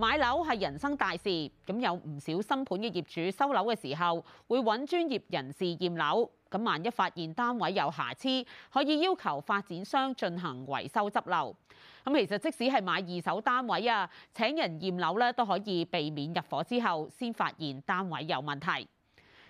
買樓係人生大事，咁有唔少新盤嘅業主收樓嘅時候，會揾專業人士驗樓。咁萬一發現單位有瑕疵，可以要求發展商進行維修執漏。咁其實即使係買二手單位啊，請人驗樓咧，都可以避免入伙之後先發現單位有問題。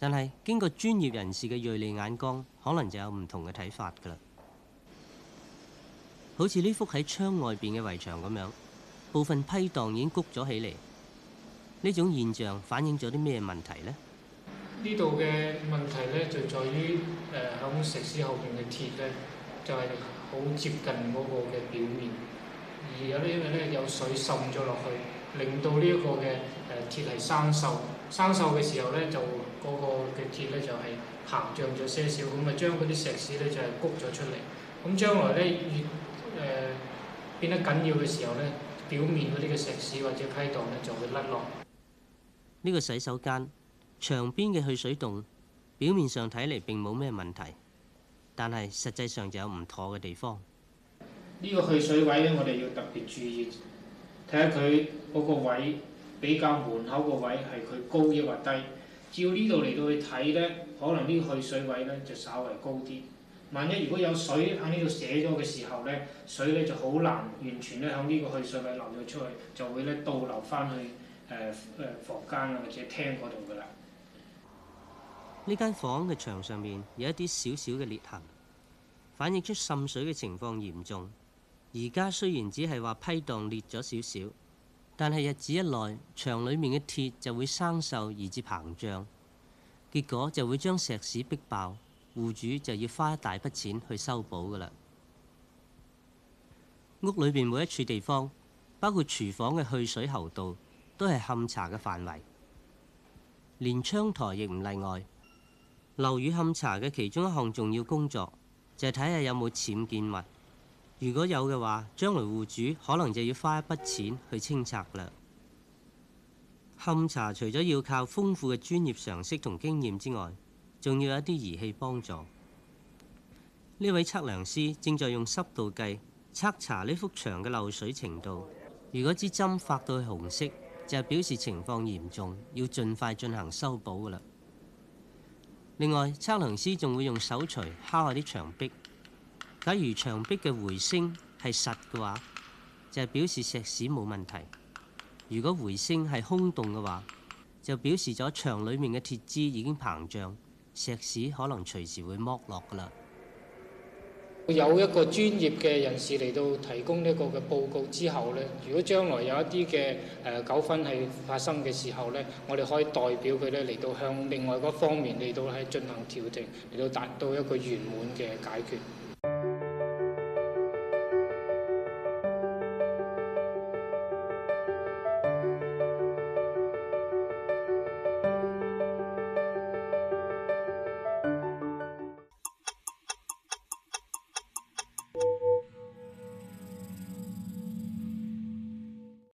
但係經過專業人士嘅銳利眼光，可能就有唔同嘅睇法㗎啦。好似呢幅喺窗外邊嘅圍牆咁樣，部分批蕩已經谷咗起嚟。呢種現象反映咗啲咩問題呢？呢度嘅問題呢，就在於誒響石屎後邊嘅鐵呢，就係好接近嗰個嘅表面，而有啲因為呢有水滲咗落去。令到呢一個嘅誒鐵係生鏽，生鏽嘅時候咧，就嗰個嘅鐵咧就係膨脹咗些少，咁咪將嗰啲石屎咧就係谷咗出嚟。咁將來咧越誒變得緊要嘅時候咧，表面嗰啲嘅石屎或者批盪咧就會甩落。呢個洗手間牆邊嘅去水洞，表面上睇嚟並冇咩問題，但係實際上就有唔妥嘅地方。呢個去水位咧，我哋要特別注意。睇下佢嗰個位比較門口個位係佢高抑或低，照呢度嚟到去睇呢，可能啲去水位呢就稍微高啲。萬一如果有水喺呢度寫咗嘅時候呢，水呢就好難完全咧向呢個去水位流咗出去，就會咧倒流返去誒誒、呃呃、房間啊或者廳嗰度㗎喇。呢間房嘅牆上面有一啲小小嘅裂痕，反映出滲水嘅情況嚴重。而家雖然只係話批盪裂咗少少，但係日子一耐，牆裡面嘅鐵就會生鏽而至膨脹，結果就會將石屎逼爆，戶主就要花一大筆錢去修補㗎喇。屋裏邊每一處地方，包括廚房嘅去水喉道，都係勘察嘅範圍，連窗台亦唔例外。樓宇勘察嘅其中一項重要工作，就係睇下有冇僭建物。如果有嘅話，將來戶主可能就要花一筆錢去清拆嘞。勘查除咗要靠豐富嘅專業常識同經驗之外，仲要有一啲儀器幫助。呢位測量師正在用濕度計測查呢幅牆嘅漏水程度。如果支針發到紅色，就表示情況嚴重，要盡快進行修補㗎喇。另外，測量師仲會用手錘敲下啲牆壁。假如牆壁嘅回聲係實嘅話，就係表示石屎冇問題；如果回聲係空洞嘅話，就表示咗牆裡面嘅鐵枝已經膨脹，石屎可能隨時會剝落㗎喇。有一個專業嘅人士嚟到提供呢個嘅報告之後呢，如果將來有一啲嘅誒糾紛係發生嘅時候呢，我哋可以代表佢咧嚟到向另外嗰方面嚟到係進行調停，嚟到達到一個圓滿嘅解決。